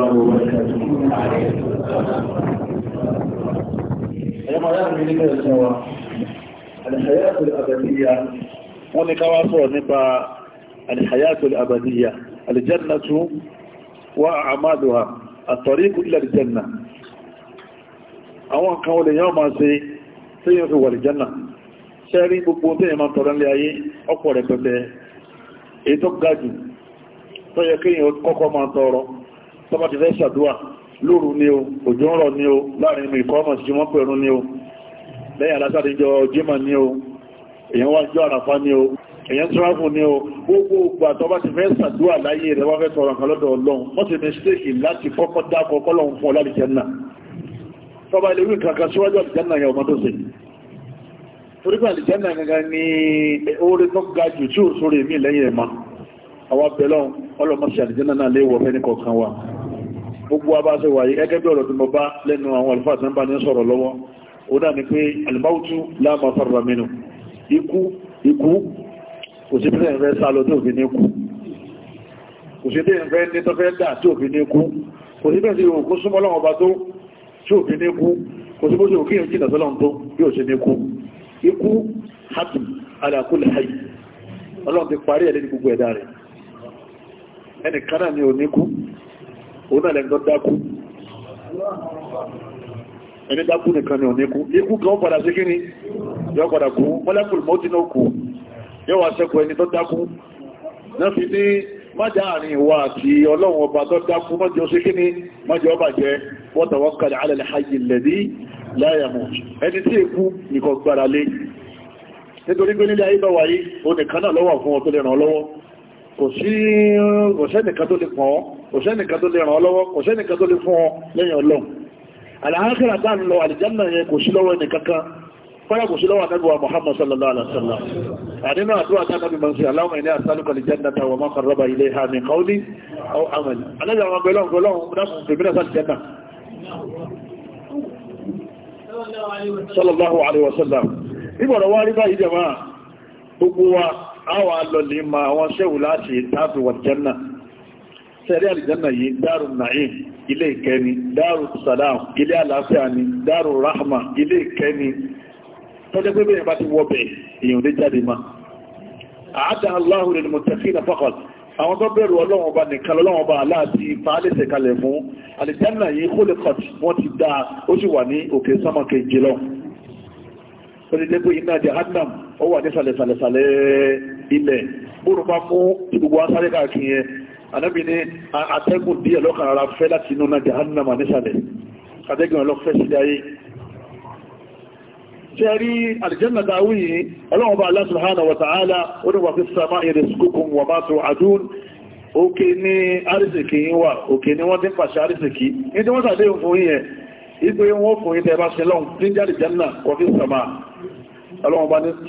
الله وبركاته ẹ̀yọ́ máa yára mi nígbẹ̀ ẹ̀sẹ̀ wa alìhàyàtò àbàdíyà wọ́n ni káwàá sọ̀rọ̀ nípa alìhàyàtò àbàdíyà alìjẹ́nàtú wà àmàdùhà àtọ̀ríkù ilẹ̀ alìjẹ́nà àwọn kan olè yọ́ máa ṣe tí yóò fi wà alìjẹ́nà ṣẹ́rí gbogbo tí yẹ máa tọ̀rọ̀ ayé ọ̀pọ̀ rẹ̀ pẹ̀pẹ̀ tọ́bá ti fẹ́ ṣàdúwà lóru ni o òjò ń rọ̀ ni o láàrin inú ikọ́ ọmọ sí wọ́n pẹ̀rún ni o lẹ́yìn alásàdíjọ jímọ̀ ni o èyàn wá jọ àràfá ni o èyàn tíráfù ni o gbogbo ògbà tọ́bá ti fẹ́ ṣàdúwà láyé rẹ̀ wá fẹ́ sọ̀rọ̀ kan lọ́dọ̀ ọlọ́run wọ́n ni oore tó ga jù ma àwọn abẹ́lọ́run ọlọ́mọ sí àlìjẹ́nà náà léwọ̀ fẹ́ ní kọ̀ọ̀kan wa gbogbo abáṣẹ wáyé gẹ́gẹ́ bí ọ̀rọ̀ tí mo bá lẹ́nu àwọn àlùfáà tí wọ́n bá ní sọ̀rọ̀ lọ́wọ́ ó dà ní pé alimautu láàmà farra minhu ikú ikú kò sí pé ẹ̀fẹ́ sá lọ tí òfin ní kú kò sí pé ẹ̀fẹ́ ní tọ́fẹ́ dà tí òfin ní kú kò sí pé ẹ̀fẹ́ òkú súnmọ́ ni ò ní òun náà lẹ́gbọ́n dákú ẹni dákú nìkan ni òní kú ikú kan padà sí kí ni yọ padà kú mọ́lẹ́kùn mọ́tí náà kú yọ wà sẹ́kù ẹni tó dákú náà fi ní májá àrin ìwà àti ọlọ́run ọba tó dákú mọ́jọ sí kí ni mọ́jọ ọba jẹ́ wọ́tàwọ́kàlẹ̀ alẹ́lẹ́ hajji lẹ́dí láyàmù ẹni tí èkú nìkan gbára lé nítorí gbé kò sí òṣẹ́nìkan tó lè pọ̀ ọ́ òṣẹ́nìkan tó lè ràn ọ́ lọ́wọ́ òṣẹ́nìkan tó lè fún ọ lẹ́yìn ọlọ́run àlàáhìrà tá ń lọ àlìjánà yẹn kò sí lọ́wọ́ ẹnìkankan fọ́yà kò sí lọ́wọ́ anábíwa Muhammad sallallahu alaihi wasallam àdínà àdúrà tá nábi mọ̀sí aláwọ̀ ilé àsálùkọ̀ àlìjánà tàwọn ma qarraba ilayha min qawli aw amal alájà àwọn ọmọ ọlọ́run dákùn fèmínà sálìjánà sallallahu alaihi àwọn alọ́lẹ̀ ma àwọn ṣẹ́wù láti tàbí wà jẹ́nà sẹ́rí àlìjẹ́nà yìí dáàrù na'im ilé ìkẹni dáàrù salam ilé àlàáfíà ni dáàrù rahma ilé ìkẹni tọ́jẹ́ pé bẹ́ẹ̀ bá ti wọ́ bẹ̀ èèyàn lè jáde ma àádá Allahu lil muttaqina faqat àwọn tó bẹ̀rù Ọlọ́run Ọba nìkan lọ́wọ́n bá aláàtí fàálẹ̀sẹ̀ kalẹ̀ fún àlìjẹ́nà ó wà ní sàlẹ̀sàlẹ̀sàlẹ̀ ilẹ̀ bórùpá fún ìgbogbo asáré káàkiri yẹn anábì ní atẹ́gùn díẹ̀ lọ́kàn ara fẹ́ láti inú náà jahannama nísàlẹ̀ atẹ́gùn ọlọ́fẹ́ sílẹ̀ ayé jẹ́rí aljanna dáwí wa ta'ala ó ní wà fi sàmà rizqukum wà máa tó àdún òkè ní àrísìkì yìí wà òkè ní wọ́n ti ń pàṣẹ àrísìkì ní tí wọ́n tàbí fún yìí ìgbé wọn fún yìí tẹ́bá ní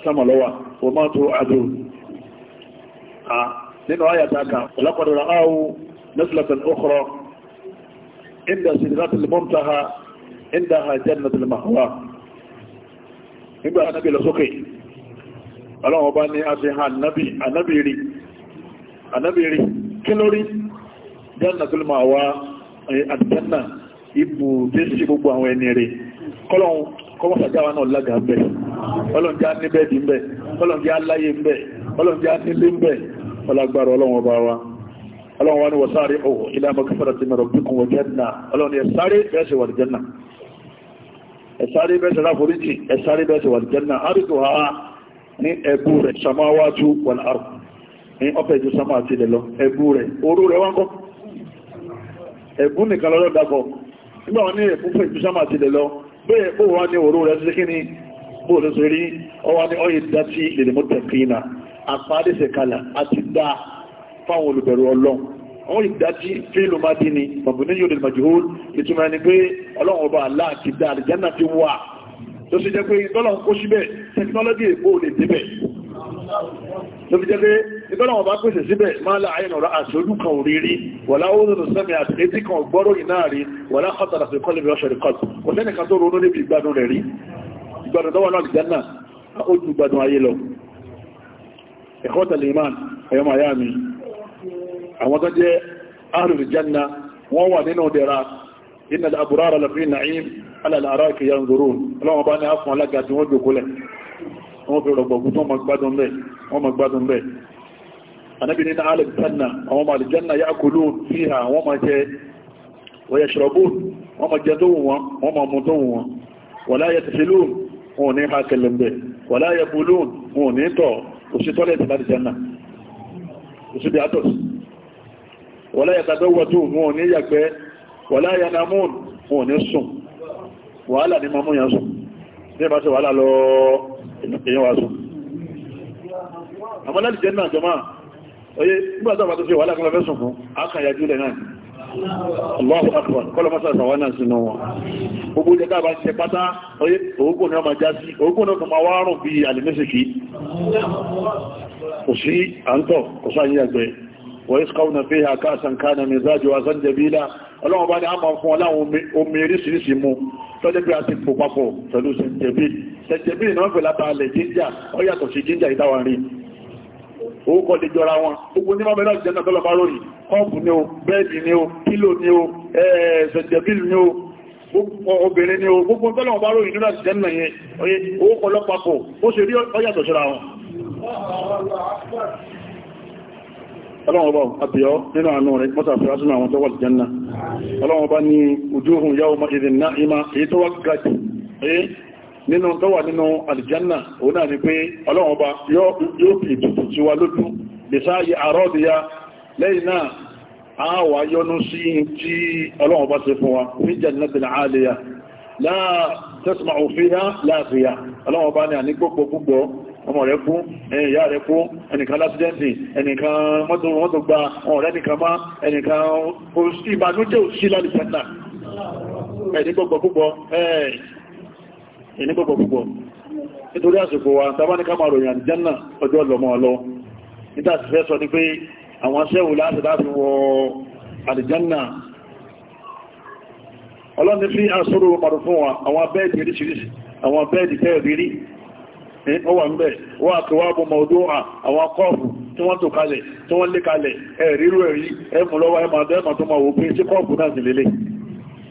sàmà lọ́wà wà tó àdún nínú ayàtàkà ọ̀lọ́kọ̀dọ̀rọ̀ áwú nẹ́sùlọ́tàn ọkọ̀rọ̀ inda sidratul muntaha inda ha jannatul mahwa nígbà anábì lọ sókè ọlọ́wọ́n bá ní a ti ha anábì rí anábì rí kí lórí jannatul mahwa àdìjánà ibù jésù sí gbogbo àwọn ẹni rẹ̀ kọ́lọ́n kọ́mọ́sàjáwa náà lága ń bẹ̀ kọ́lọ́n níbẹ̀ dì ń bẹ̀ kọ́lọ́n láyé ń bẹ̀ ọlọ́run jẹ́ ní lẹ́m̀bẹ̀ ọlágbára ọlọ́run ọba wa ọlọ́run wa ni wọ́n sáré ọ̀hún ilé amakafẹ́ra ti mẹ́rọ bíkún wọ jẹ́nà ọlọ́run ẹ sáré bẹ́ẹ̀sẹ̀ wà jẹ́nà ẹ sáré bẹ́ẹ̀sẹ̀ láforíjì ẹ sáré bẹ́ẹ̀sẹ̀ wà jẹ́nà àríkò ha ní ẹbú rẹ̀ samáwájú wọn àrùn ní ọpẹ́ ju samá àti ilẹ̀ lọ ẹbú rẹ̀ orú rẹ̀ wọ́n kọ́ ẹbú nìkan lọ́dọ̀ dàpọ̀ nígbà wọn ní ẹbú fẹ́ samá àti ilẹ̀ lọ bẹ́ẹ̀ bó wọn ní orú rẹ̀ sí ni bó ló rí ọwọ́ ní ọyẹ àpáàdìsẹ̀ kalẹ̀ àti dá fáwọn olùbẹ̀rù ọlọ́run àwọn ìdájí fílù máa dín ní bàbùnú yóò lè majhul ìtumọ̀ ẹni pé ọlọ́run ọba Allah ti dá àlìjánà ti wà tó sì jẹ́ pé ìtọ́lọ̀n kó síbẹ̀ tẹkinọ́lọ́dì èkó lè débẹ̀ tó fi jẹ́ pé ìtọ́lọ̀n ọba pèsè síbẹ̀ máa láàáyìn ọ̀rọ̀ àṣójú kan òrírí wọ̀lá oòrùn sẹ́mi àti etí kan gbọ́rọ̀ ìnáàrí wọ̀lá kọ́tàrà sí kọ́lẹ̀bì ẹ̀kọ́tàlì iman ẹ̀yọ́ miami àwọn tó jẹ́ ahlul janna wọ́n wà nínú dẹ̀ra iná àbúrára lafi na'im alàlàrá kì yà ń zoro ọlọ́wọ́n bá ní afún alága tí wọ́n jòkólẹ̀ wọ́n fi rọ̀gbọ̀gbù tó ma gbádùn bẹ́ wọ́n ma gbádùn bẹ́ anábi nínú alẹ́ janna àwọn ma janna ya kulu fiha wọ́n ma jẹ wọ́n yashrabu tẹ̀sílùn wọn ha kẹlẹ̀ bẹ́ wọ́n láyẹ tọ̀ kò sí tọ́lẹ̀tì láti jẹ́nà kò sí bí atos wọ́lá yàtàdọ́wọ́tò wọn ò ní yàgbẹ́ wọ́lá yanamún wọn ò ní sùn wàhálà ní mamú yàn sùn ní ẹbá sí wàhálà lọ èyàn wà sùn àmọ́ Allahu akbar kọ́lọ mọ́sàsà wọ́n náà sínú wọn gbogbo jẹ́ káàbà ṣe pátá oyé òógùn ni wọ́n máa já sí òógùn náà máa wá rùn bí alìmẹ́sìkì kò sí àǹtọ̀ kò sáyé àgbẹ̀ wọ́n iskauna fiha ka'san kana mizajuha zanjabila ọlọ́wọ́n bá ní a máa fún ọláwọn omi eríṣiríṣi òókọ̀ lè jọra wọn gbogbo ní mọ́bẹ̀lá ìjẹ́ náà tọ́lọ̀bá ròyìn kọ́ọ̀pù ni o bẹ́ẹ̀dì ni o kílò ni o ẹ̀ẹ̀sẹ̀jẹ̀bìl ni o obìnrin ni o gbogbo tọ́lọ̀bá ròyìn nínú àṣìjẹ́ náà yẹn oye òókọ̀ lọ́pàpọ̀ ó ṣe rí ọyàtọ̀ ṣọ́ra wọn ọlọ́run ọba àbíọ́ nínú àánú rẹ̀ mọ́ta fẹ́ ásùnà àwọn tọ́wọ́ ìjẹ́nà ọlọ́run ọba ní ojú ohun yáwó mọ́ ìrìnà ìmá èyí tó wá gàjì nínú tó wà nínú alìjánà òun náà ni pé ọlọ́run ọba yóò fi ìtùtù tí wà lójú lè sáàyè àrọ́dìyà lẹ́yìn náà a wà yọnu sí tí ọlọ́run ọba ṣe fún wa fi jannatin aliya láà tẹ́sìmà òfin láàfíà ni àní gbogbo gbogbo ọmọ rẹ̀ kú ẹ̀yà rẹ̀ kú ẹnìkan lásìdẹ́ntì ẹnìkan mọ́tò gba ọ̀rẹ́ nìkan má ẹnìkan ìbànújẹ́ òsí lálìsẹ́nà ẹ̀dígbọ̀gbọ̀ púpọ̀ ẹ̀ẹ́ ẹni pọ̀pọ̀ púpọ̀ nítorí àsìkò wa tàbáníká máa ròyìn àjẹ́nà ọjọ́ lọ́mọ ọlọ́ níta sì fẹ́ sọ ní pé àwọn sẹ́wù láti láti wọ àdìjẹ́nà ọlọ́ni fi àṣọ́rò mọ̀rọ̀ fún wa àwọn bẹ́ẹ̀dì oríṣiríṣi àwọn bẹ́ẹ̀dì tẹ́ẹ̀bìrí ó wà ń bẹ̀ wọ́n àkíwábọ̀ mọ̀ọ́dọ́ àwọn kọ́ọ̀fù tí wọ́n tò kalẹ̀ tí wọ́n lé kalẹ̀ ẹ̀rírú ẹ̀rí ẹ̀mù lọ́wọ́ ẹ̀mà tó máa wò pé sí kọ́ọ̀fù náà sì lélẹ̀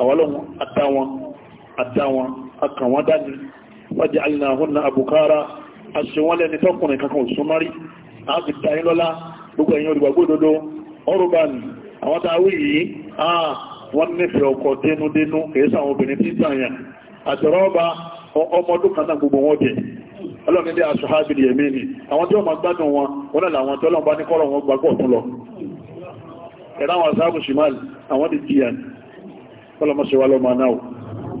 àwọn ọlọ́run àtàwọn àtàwọn akàwọn dání wájá alìnàhúnnà àbùkára aṣèwọ́n lẹ́ni tọ́kùnrin kankan òsúnmárí àti tàyín lọ́lá gbogbo ẹ̀yìn olùgbàgbódodo ọrùbani àwọn tàwí yìí àà wọ́n nífẹ̀ẹ́ ọkọ dénúdénú èéṣà àwọn obìnrin tí tàyàn àtẹ̀rọ́ọ̀bá ọmọdún kan náà gbogbo wọn jẹ ọlọ́run ní aṣọ́hábì ní ẹ̀mí ni àwọn tí ó ma gbádùn wọn wọ́n náà àwọn tí ọlọ́run bá ní kọ́rọ̀ ẹ̀rọ àwọn asáàbù àwọn ti jìyà ni kọ́lọmọ́síwá lọ́mọ náà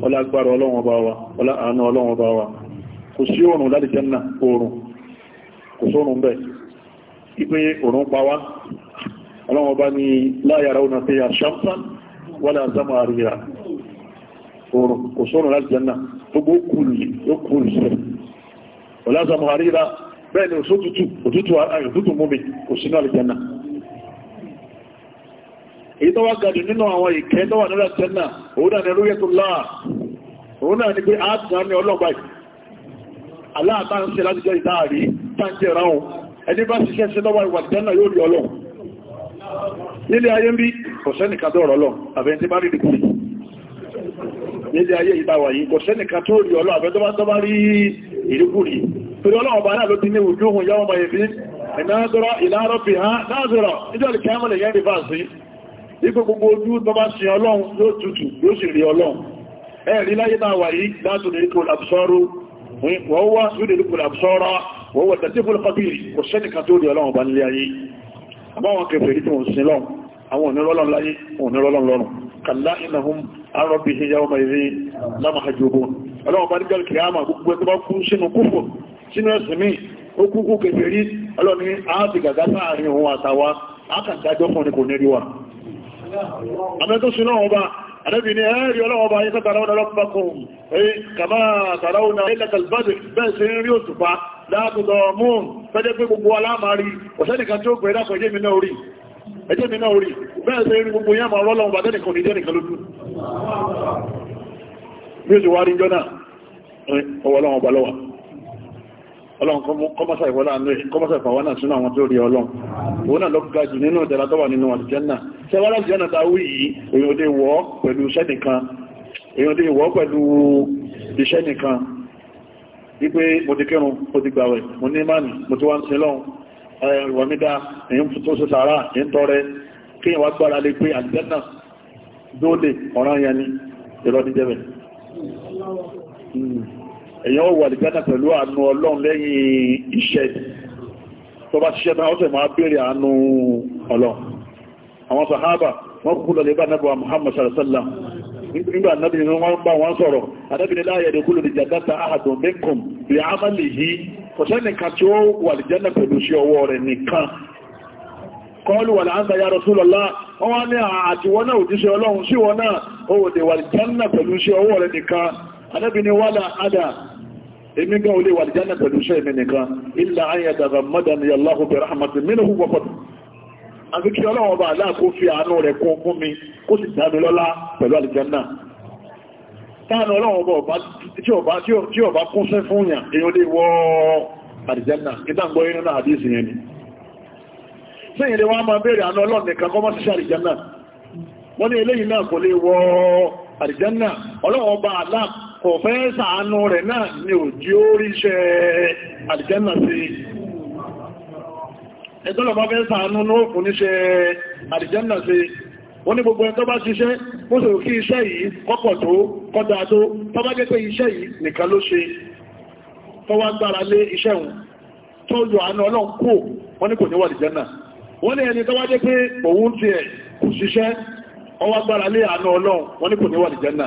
ọlá agbára ọlọ́wọ́n bá wa ọlá àánú ọlọ́wọ́n bá wa kò sí òrùn láti jẹ́nà oòrùn kò sórùn bẹ́ẹ̀ ipé òrùn pa wá ọlọ́wọ́n bá ní láyàrá òun àti àṣàmsán wọ́n lè àzámọ̀ àríyà oòrùn kò sórùn láti jẹ́nà gbogbo kùlù sẹ́ ọlá àzámọ̀ àríyà bẹ́ẹ̀ ni òtútù èyí tó wá gàdù nínú àwọn ìkẹ́ tó wà nílẹ̀ tẹ́nà òun náà ni rúyẹ́ tó láà òun náà ni pé ààtùn ní ọlọ́gbà aláàtà ń ṣe láti jẹ́ ìtaàrí tàǹjẹ́ ráhùn ẹni bá ṣiṣẹ́ sí lọ́wọ́ ìwà tẹ́nà yóò rí ọlọ́ nílé ayé ń bí kò sẹ́nìkà tó rọ̀ lọ àbẹ́ tí bá rí dìkú nílé ayé ìtawà yìí kò sẹ́nìkà tó rí ọlọ́ ipò gbogbo ojú tó bá ṣe ọlọ́run yóò tutù yóò sì rí ọlọ́run ẹ̀rí láyé náà wà yìí látò ní ikú àbúsọ́rú wọ́n wá sódè ní ikú àbúsọ́rọ́ wọ́n wọ́n tàbí fún pàbírí kò sẹ́nìkan tó rí ọlọ́run bá nílé ayé àbáwọn kẹfẹ̀ẹ́ tí wọ́n sin lọ́run àwọn onírọ́lọ́run láyé onírọ́lọ́run lọ́run kàlá ìnàhún arọ́bí yàwó máa rí lámàájúgbọ́n ọlọ́run bá nígbàl kìíyàmà gbogbo ẹ̀ tó bá kú sínú kúfò sínú ẹ̀sìn míì ó kúkú kẹfẹ̀ẹ́ rí ọlọ́run ní ààbì gàgá sáàrin òun àtàwà ákàndájọ́ fún ni kò ní rí wa àmẹ́ tó ṣe lọ́wọ́ bá àdẹ́bì ní ẹ̀rí ọlọ́wọ́ bá yíká tàrà ọ̀nà lọ́pàkùn èyí kàmá tàrà ọ̀nà ilẹ̀kàlbádì bẹ́ẹ̀ sí rí òṣùpá látọ̀dọ̀ mún fẹ́jẹ́ pé gbogbo alámàárí ọ̀sẹ́nìkan tí ó pẹ̀lú àpẹjẹ́ mi náà rí ẹjẹ́ mi náà rí bẹ́ẹ̀ sí rí gbogbo yàmà ọlọ́run kọmọ́sà ìwọ́lá àánú ẹ̀ kọmọ́sà ìfàwọ́ náà sínú àwọn tó rí ọlọ́run òun náà lọ ga jù nínú ìdára tó wà nínú àlùjánnà tẹwàá àlùjánnà ta wí yìí èyàn ò dé wọ́ pẹ̀lú iṣẹ́ nìkan èyàn ò dé wọ́ pẹ̀lú iṣẹ́ nìkan wípé mo ti kírun mo ti gbàwẹ̀ mo ní mánì mo ti wá ń sin lọ́run ẹ̀rọ mi dá èyàn tó ṣe sàárà èyàn tọrẹ kéèyàn wá gbára lé pé àlùjánnà dóòlè ọ̀ràn yẹn ni ìrọ́ èyàn wà lìjánà pẹ̀lú àánú ọlọ́run lẹ́yìn iṣẹ́ tó bá ṣiṣẹ́ náà ó tẹ̀ máa bèèrè àánú ọlọ́run àwọn sàhábà wọ́n kúkú lọ lébà náà Muhammad sallallahu nígbà náà ni wọ́n bá wọn sọ̀rọ̀ adábìnrin láàyè ìdókòlò ìjàdáta ahàdùn minkum lè ámàlì yìí kọ̀ṣẹ́ nìkan tí ó wà lìjánà pẹ̀lú sí ọwọ́ rẹ̀ nìkan kọlu wà láàrín ya Rasulullah wọ́n wá ní àtiwọ́n èmi gan olè wà lìjánà pẹ̀lú iṣẹ́ èmi nìkan ilẹ̀ ayé dàgbà mọ́dà ni aláhùn bẹ̀rẹ̀ àmàtì mínú wọ́pọ̀tù àti kí ọlọ́wọ́ bá aláà kó fi àánú rẹ̀ kún fún mi kó sì dá lọ́lá pẹ̀lú àlìjánà táànà ọlọ́wọ́ bá tí ni sẹ́yìn náà kò lè wọ àlìjánà ọlọ́wọ́ bá aláà kò fẹ́ sàánú rẹ̀ náà ni ò jí ó ríṣẹ́ àdìjẹ́nà sí ẹ̀tọ́lọ̀ bá fẹ́ sàánú lóòkù níṣẹ́ àdìjẹ́nà sí wọ́n ní gbogbo ẹ̀tọ́ bá ṣiṣẹ́ ó sì kí iṣẹ́ yìí kọ́pọ̀ tó kọ́dá tó tó bá jẹ́ pé iṣẹ́ yìí nìkan ló ṣe tó wá gbára lé iṣẹ́ wọn tó yọ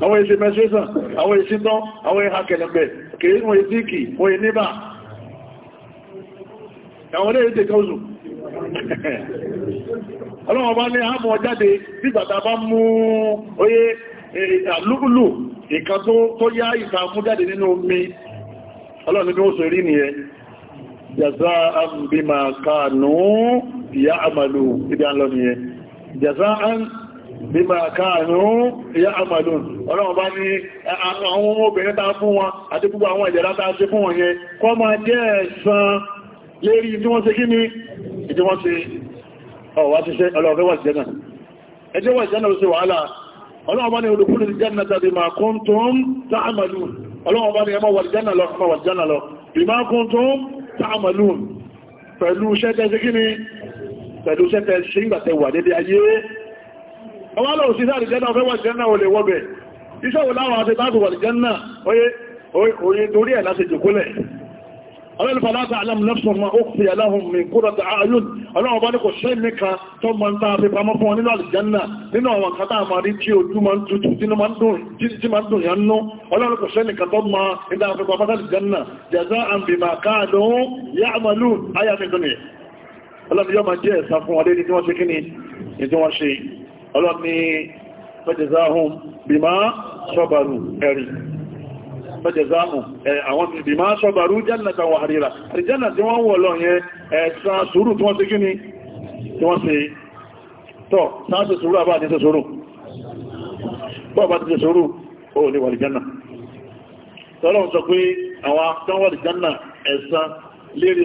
àwọn èsì menstruation àwọn èsì tán àwọn ìhà kẹlẹ̀pẹ̀ kìí wọ́n èsì kì wọ́n èsì àwọn olè èsì kọ́sù ọlọ́wọ́n bá ní àmọ́ jáde nígbàtà bá mú oyé àlúkúlù ìkan tó yá ìta mú jáde nínú omi ọlọ́run ní ó sọ rí nìyẹn jaza'an bima àlọ́ nìyẹn jaza'an bí máa káàrùn ìyá àmàlùn ọlọ́run bá ní àwọn obìnrin ta fún wọn àti gbogbo àwọn ìjẹ̀lá ta ṣe fún wọn kọ́ máa jẹ́ ẹ̀san lérí tí wọ́n ṣe kí ni ìdí wọ́n ṣe ọ̀wá ti ṣe ọlọ́ọ̀fẹ́ wà jẹ́nà ẹjẹ́ wà jẹ́nà ṣe wàhálà ọlọ́ọ̀bá ni olùkúrò ti jẹ́nà tàbí ma kún tó ń tààmàlù ọlọ́ọ̀bá ni ẹmọ wà jẹ́nà lọ ọmọ wà jẹ́nà lọ bí ma kún tó ń tààmàlù pẹ̀lú ṣẹ́tẹ́ sí kí ni pẹ̀lú ọwá lọ òṣìṣẹ́ àrìjẹ́nà ọfẹ́ wà jẹ́nà olè wọ́bẹ̀ iṣẹ́ wò láwọn àti tàbí wàlìjẹ́nà oye torí ẹ̀ láti jùkúlẹ̀ ọlọ́lùfà láti alam nafsun ma ó fi aláhùn mi kúrò ta ayún ọlọ́wọ́ bá ní kò ṣe nìka tó ma ń ta fi pamọ́ fún nínú àlìjánà nínú àwọn kátà àmà rí tí ojú ma ń tutù tí ma ń dùn yà ń nú ọlọ́run kò ṣe nìka tó ma ń ta fi pamọ́ àlìjánà jẹ́zá àmì ma káàdùn yá àmàlù ayà nìkan ni ọlọ́run yóò ma jẹ́ ẹ̀sà fún wọn ọlọ́ni fẹ́jẹ̀záhùn bímá ṣọ́bàrú ẹ̀rí fẹ́jẹ̀záhùn àwọn bímá ṣọ́bàrú jẹ́lẹ̀ta wà àríra àríjẹ́nà tí wọ́n wọ̀ lọ yẹn ẹ̀sán sùúrù tí wọ́n ṣe gíní tí wọ́n ṣe tọ́ sáàṣẹ́ sùúrù àbá àti sùúrù bọ́ bá ti ṣe sùúrù ó ní wàlìjánà tọ́lọ́ sọ pé àwọn akán wàlìjánà ẹ̀sán lérí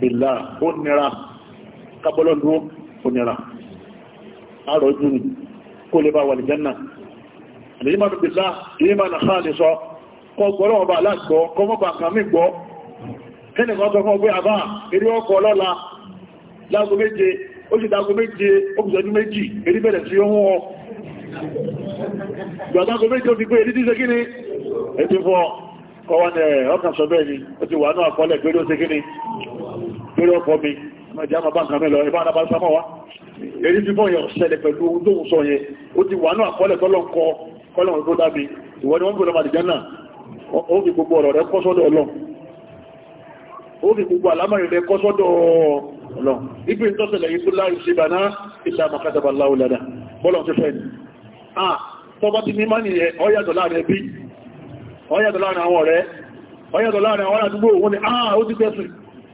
bèlà ó nira kábọ́lọ́ dúró ó nira àrọ̀ ojú ni kó lè bá wà nìjánà àdéjì máa bèlà èyí máa nà sáà ní sọ kọ́ gbọ́rọ̀ ọba aláàgbọ́ kọ́ mọ́bà kan mí gbọ́ kẹ́nì kan sọ fún ọgbẹ́ àbá eré ọkọ̀ lọ́la lágo méje ó sì dágo méje ó kù sọ́jú méjì eré bẹ̀rẹ̀ sí ohun ọ gbàdágo méje ó ti pé eré tí ṣe kí ni ètò fún ọ kọ́wọ́n ọkàn sọ bẹ́ẹ̀ ni ó ti wà náà kọ́lẹ̀ pé ó ṣe kí lórí ọkọ̀ mi ọjà máa bá nǹkan mẹ́lọ ẹ̀bá adábá sámọ́ wá èrí fífọ́ yẹn ṣẹlẹ̀ pẹ̀lú ohun tó ń sọ yẹn ó ti wà náà kọ́lẹ̀ tọ́lọ́ kọ kọ́lẹ̀ tó dábí ìwọ́n ni wọ́n gbọ́dọ̀ màdìjá náà ó fi gbogbo ọ̀rọ̀ rẹ kọ́ sọ́dọ̀ ọlọ́run ó fi gbogbo àlámọ̀rin rẹ kọ́ sọ́dọ̀ ọlọ́run ibi tó ṣẹlẹ̀ yìí tó láì ṣe bàná ìlà màkàtàbà láwùlàdà bọ́lọ̀ ti ah tọ́bọ́ ti ní má nìyẹn ó yàtọ̀ láàrin ẹbí ó yàtọ̀ láàrin àwọn ọ̀rẹ́ ó yàtọ̀ láàrin àwọn àdúgbò òun ni ah ó ti tẹ́sùn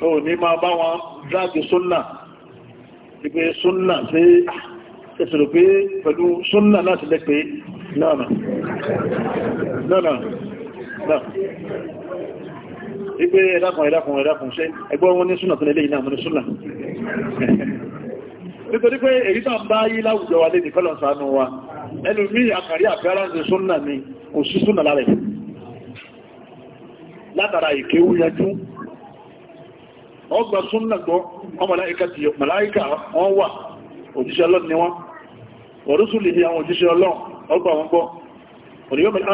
ó ní máa bá wọn dáàgì súnnà ìpé súnnà sí ẹ̀sùn pé pẹ̀lú súnnà láti lẹ́ pé náà náà ìpé ẹ̀dàkùn ẹ̀dàkùn ẹ̀dàkùn ṣe ẹgbọ́n wọn ní súnnà tó lẹ́lẹ́ ìnáà mọ́ ní súnnà nítorí pé èyí tàn bá yí láwùjọ wa lè nìkọ́lọ̀ sánú wa ẹnu mí àkàrí àfẹ́ránṣẹ́ súnnà ni kò sí súnnà lárẹ̀ látara ìkéwú yanjú wọ́n gba súnnà gbọ́ wọ́n màláíkà ti màláíkà wà òjíṣẹ́ ni wọ́n wọ̀rúsù lè ní àwọn òjíṣẹ́ ọgbà wọn gbọ́ òníyàn mẹ́rin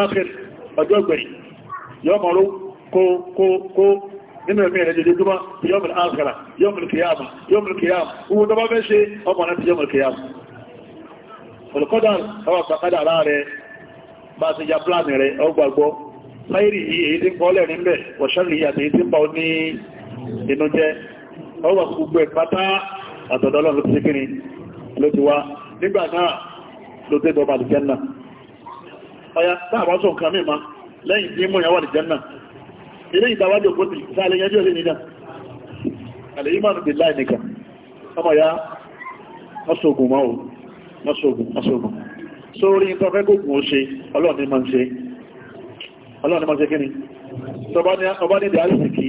ọjọ́ pláàni rẹ̀ ọgbàgbọ́ èyí tí ń lẹ́rin bẹ̀ wọ̀ṣẹ́rì àti èyí tí ń pa ó ní ìnújẹ́ ọwọ́ gbogbo ìpátá àtọ̀dọ̀ ọlọ́run ti kíni ló ti wá nígbà náà ló dé dọ́ba àlìjẹ́nà ọya táàbá sọ nǹkan mìíràn lẹ́yìn tí mọ̀ yàwó àlìjẹ́nà ilé ìdáwájò kó ti sáàlẹ̀ yẹjọ́ lè nínà àlè ìmánu bí láì nìkan ọmọ ya mọ́sọ̀gùn máa mọ́sọ̀gùn mọ́sọ̀gùn sórí tọ́fẹ́gùn ó ṣe ọlọ́run ni máa ń ṣe ọlọ́run ni máa ń ṣe kíni tọba ní ìdí àrísìkí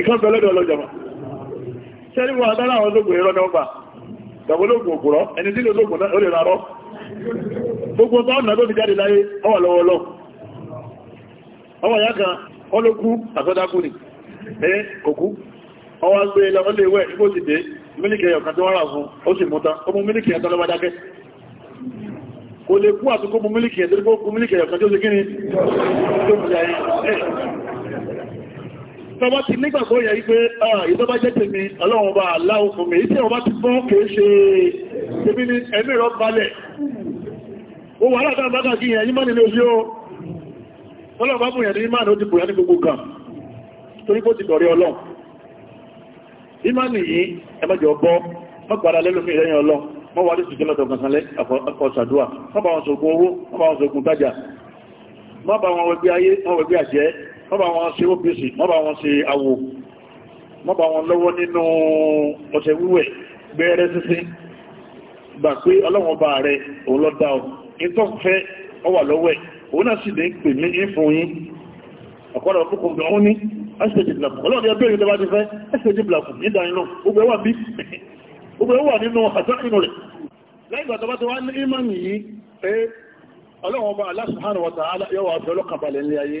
ìkan bẹ lọ́dọ̀ ọlọ́jọba sẹ́ríwọ̀ adára àwọn ológun ẹ̀rọ náà gbà gbàgbọ́lógún òkúrọ́ ẹni tí lóògùn náà lè rárọ́ gbogbo tó ọ̀nà tó fi jáde láyé ọwà ọwà kan àtọ́dákú ni ẹ òkú ọwà gbé e ti dé mílíkì kan tó wárà fún ó sì mú tán ó mú mílíkì ẹ̀tọ́ lọ́wọ́ dákẹ́ kò lè kú mú mílíkì ẹ̀tọ́ tọba ti nígbàgbọ́ yẹ wípé ìjọba jẹ́ tèmi ọlọ́run ọba aláwọ̀ fún mi tí ọba ti gbọ́ kìí ṣe tèmi ní ẹ̀mí rọ balẹ̀ o wà látà bá kàkí yẹn yímọ́ nílé ojú ọlọ́run bá bùyàn ní ìmáà ó ti bùyàn ní gbogbo kan torí kó ti dọ̀rẹ́ ọlọ́run ìmáànì yìí ẹmẹ́jọ bọ́ mọ́gbàdà lẹ́lómi ìrẹ́yìn ọlọ́run wọ́n wà ní ṣùgbọ́n lọ́dọ̀ kankanlẹ̀ akọ̀ṣàdúwà wọ́n bá wọn sọ̀gùn owó wọ́n bá wọn sọ̀gùn tájà wọ́n bá wọn wẹ̀gbẹ́ ayé mọ́bà wọn ṣe OPC mọ́bà wọn ṣe àwò mọ́bà wọn lọ́wọ́ nínú ọ̀sẹ̀ wíwẹ̀ gbẹ́ẹ̀rẹ́ sísí gbà pé ọlọ́wọ́n bá rẹ̀ òun lọ dá ọ ìtọ́ fẹ́ ọ wà lọ́wọ́ ẹ̀ òun náà sì lè pè mí ìfún yín ọ̀pọ̀lọ̀ púpọ̀ gbà wọ́n ní ẹ́sẹ̀jì blakù ọlọ́dẹ ẹgbẹ́ ìrìn lọ́wọ́ ti fẹ́ ẹ́sẹ̀jì blakù nídàáyìn náà gbogbo ẹwà bí gbogbo ẹwà nínú àjá inú rẹ̀ lẹ́gbàá tó bá ti wá ọlọ́kàbalẹ̀ ní ayé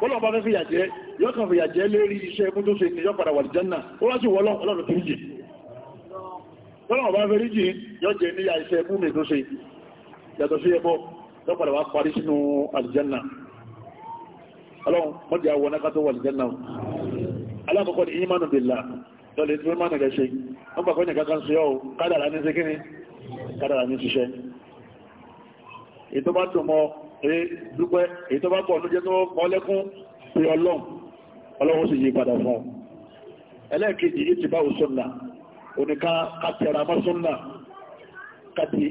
bọ́lọ̀ bá fẹ́ fìyà jẹ́ yọ́ kan fìyà jẹ́ lérí iṣẹ́ ẹkún tó ṣe ní yọ́ padà wà ní jẹ́nà ó wá sí wọ́lọ́ ọlọ́run tó ríjì bọ́lọ̀ bá fẹ́ ríjì yọ́ jẹ́ níyà iṣẹ́ ẹkún mi tó ṣe yàtọ̀ sí ẹbọ yọ́ padà wá parí sínú àlìjẹ́nà ọlọ́run mọ́jẹ́ àwọn ẹ̀ká tó wà àlìjẹ́nà alákọ̀ọ́kọ́ ni ìmánu bìlà lọ́lẹ̀ tí mọ́nà rẹ̀ ṣe wọ́n pàkọ́ ní kankan sí ọ́ kádàrà ní sí kíní kádàrà ní ṣiṣẹ́ ètò bá tó mọ́ ee dúpẹ́ èyí tó bá pọ̀ ló tó lẹ́kún pé ọlọ́run ọlọ́run sì yí padà fún ẹlẹ́ẹ̀kejì yìí ti bá wù sunna oníká kàtẹ̀rà mọ́ sunna kàtì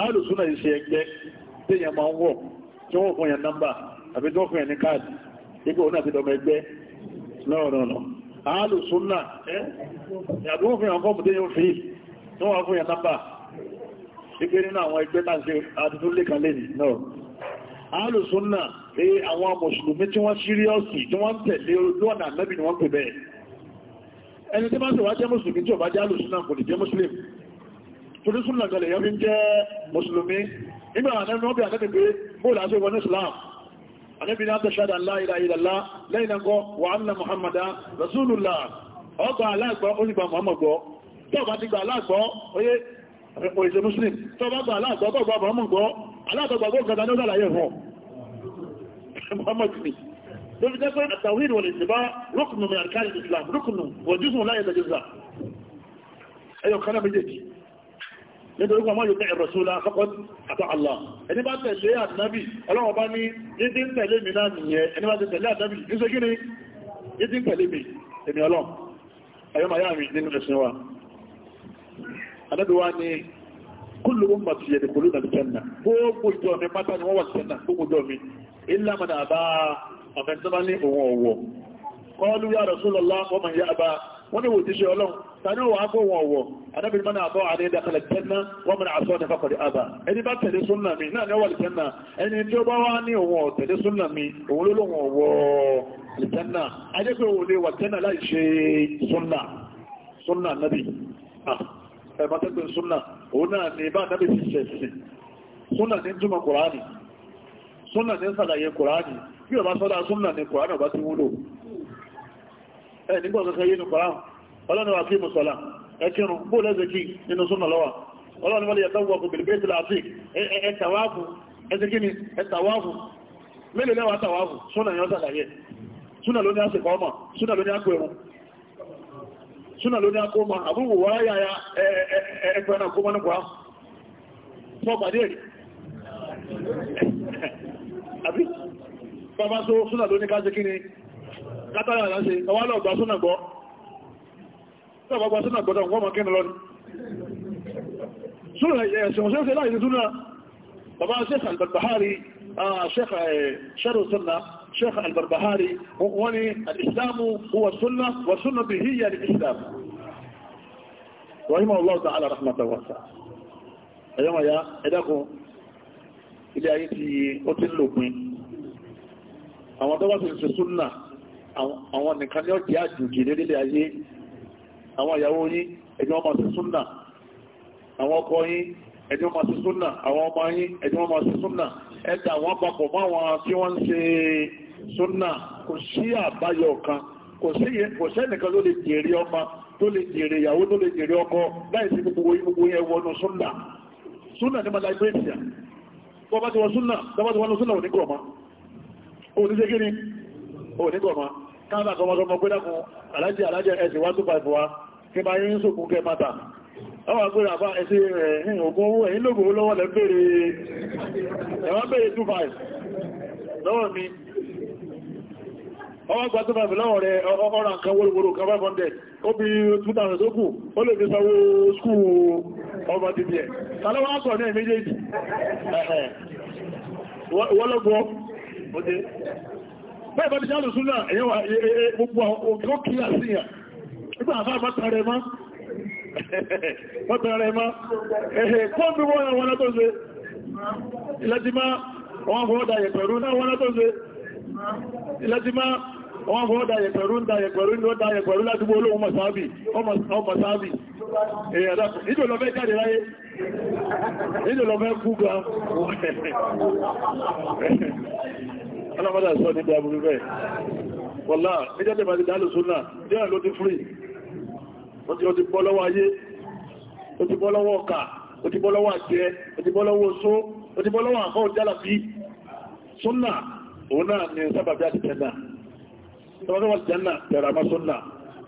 ahlu yìí ṣe ẹgbẹ́ máa ń wọ̀ tí wọ́n fún yẹn nọ́mbà àbí tí wọ́n fún yẹn ní káàdì ipò òun àti ẹgbẹ́ àbí wípé nínú àwọn ẹgbẹ́ náà ṣe àtútù lẹ́kan lẹ́nì náà alùsùnà pé àwọn mùsùlùmí tí wọ́n síríọ́sì tí wọ́n tẹ̀lé ojú ọ̀nà ànábì ni wọ́n pè bẹ́ẹ̀ ẹni tí bá sì wá jẹ́ mùsùlùmí tí ò bá jẹ́ alùsùnà kò lè jẹ́ mùsùlùm torí súnà gẹlẹ̀ yọ́ fi ń jẹ́ mùsùlùmí nígbà ànábì wọ́n bí ànábì pé bóòlù àti ìwọ̀n islam ànábì náà tẹ̀ṣádà ńlá ìlà ìlà ńlá lẹ́yìn náà kọ́ wà á nà muhammada rasulullah ọgbà aláàgbọ́ ó sì gba muhammad gbọ́ tí ọba ti gba aláàgbọ́ oyé ẹ̀pọ̀ ìṣẹ́ muslim tó bá gbà aláàgbọ́gbà mọ́mọ̀gbọ́ aláàgbọ́gbà gọ́gà ní ọ̀sàlàyé fún mọ́mọ̀tìmí tó fi jẹ́ pé àtàwí ìwọ̀n ìsìnbá rúkùnù min arkani islam rúkùnù wọ̀júsùn láyé tẹjúzà ẹyọ kaná méjèèjì nítorí wọn máa yóò tẹ́ ìrọ̀súlá fọ́kọ́t àtọ́ Allah ẹni bá tẹ̀lé ànábì ọlọ́wọ́ bá ní yídí ń tẹ̀lé mi náà nìyẹn ẹni bá tẹ̀lé ànábì ní ṣe nínú ẹ̀sìn wa anábíwá ni kúlù ń bàtí yẹ̀ dìkòlù nàbí jẹ́nà gbogbo ìjọ mi pátá ni wọ́n wà jẹ́nà gbogbo ìjọ mi ilá mọ̀nà àbá àfẹ́sẹ́má ní òun ọ̀wọ̀ kọlu ya rasulullah wọ́n mọ̀ yá àbá wọ́n ni wò ti ṣe ọlọ́run tani wọ́n á fóun ọ̀wọ̀ anábì mọ̀nà àbọ̀ àdé dàkàlẹ̀ jẹ́nà wọ́n mọ̀nà àṣọ ní fakọ̀dé àbá ẹni bá tẹ̀lé súnà mi náà ni wọ́n wà jẹ́nà ẹni tí ó bá wá ní òun ọ̀ tẹ̀lé súnà mi òun ló lóun ọ̀wọ̀ jẹ́nà ajẹ́ pé òun lè wà jẹ́nà láì ṣe súnà súnà nábì ah ẹ̀bá tẹ́gbẹ̀ súnà òun náà ni bá tẹ́bẹ̀ ti ṣẹ̀sìn súnà ní túnmọ̀ kùránì súnà ní sàlàyé kùránì bí ọba sọ́dá súnà ní kùránì ọba ti wúlò ẹ̀ nígbà kẹ́kẹ́ ẹ kírun súnà lọ́wà ọlọ́ni wọ́n lè yẹtọ́ wọ́pù súnà ló ní àsìkò ọmọ ẹ̀rùn suna lóní akóma àbúrò wá yàyà ẹgbẹ́ náà kóma nípa fọ́pàdé rí àbí bàbá tó suna lóní káṣe kini, ni látàrà láṣe ọwá lọ gbà suna gbọ́ tọ́bà gbà suna gbọ́dọ̀ wọ́n mọ̀ kí ni lọ́ni suna ẹ̀sùn sí láì suna bàbá sẹ́kà ìgbàgbàhárí sẹ́kà ṣẹ́rù suna sheikh albarbahari wọ́n ní al'islamu huwa sunna wa sunna bi hiya al'islam rahimu allah ta'ala rahmatan wasa ayyama ya ẹ̀dàkùn ilé ayé ti ó ti lòpin àwọn tó bá ti ṣe sunna àwọn nìkan ní ọjọ́ àjòjì nílé ayé àwọn ìyàwó yín ẹjọ́ ọmọ sí sunna àwọn ọkọ yín ẹjọ́ máa ṣe súnà àwọn ọmọ yín ẹjọ́ máa ṣe súnà ẹ̀dà wọn papọ̀ máwọn tí wọ́n ń ṣe súnà kò sí àbáyọ ọ̀kan kò sẹ́nìkan ló lè jèrè ọmọ tó lè jèrè ìyàwó tó lè jèrè ọkọ láì sí gbogbo yẹn wọnú súnà súnà ní mọ́lá ìgbé ìsìyà tó bá ti wọ súnà tó bá ti wọnú pé dákun wá tó pàìfọ́ kí bá kẹ àbá ògùn owó ẹ̀yìn lògùn lọ́wọ́ lẹ́ ọwọ́ gba 25 lọ́wọ́ rẹ̀ ọ̀rọ̀ nǹkan wọ́lúwọ́lú kan 500 ó bí 2000 tó kù ó lè fi sanwó skúù ọmọ dìbì ẹ̀ tàlọ́wọ́ á sọ ní méjèèjì wọ́lọ́gbọ́ ọdé bẹ́ẹ̀ bá ti ṣáàlù súnà èyàn ilẹ̀ ti máa wọ́n fọ́ dáyẹ̀ pẹ̀rú dáyẹ̀ pẹ̀rú ló dáyẹ̀ pẹ̀rú ládúgbò olóhun mọ̀sáàbì ọmọsáàbì èyàdá nídò lọ fẹ́ jáde láyé nídò lọ fẹ́ kú gan alámọ́dá sọ ní dábúrú rẹ̀ wọ́lá níjẹ́dẹ̀ bá ti dálù súnà díẹ̀ ló ti fúrì ó ti bọ́ lọ́wọ́ ayé ó ti bọ́ lọ́wọ́ ọkà ó ti bọ́ lọ́wọ́ àjẹ́ ó ti bọ́ lọ́wọ́ só ó ti bọ́ lọ́wọ́ àkọ́ òjálàbí súnà òun náà ni sábàbí àti jẹ́nà tọ́bátọ́wà jẹ́nà tẹ̀rà masọ́nà